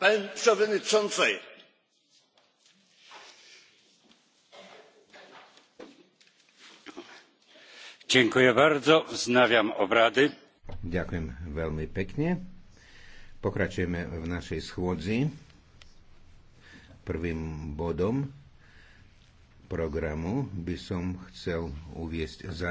pani przewodnicząca! ďakujem veľmi pekne. pokračujeme v našej schôdzi. prvým bodom programu by som chcel uviesť za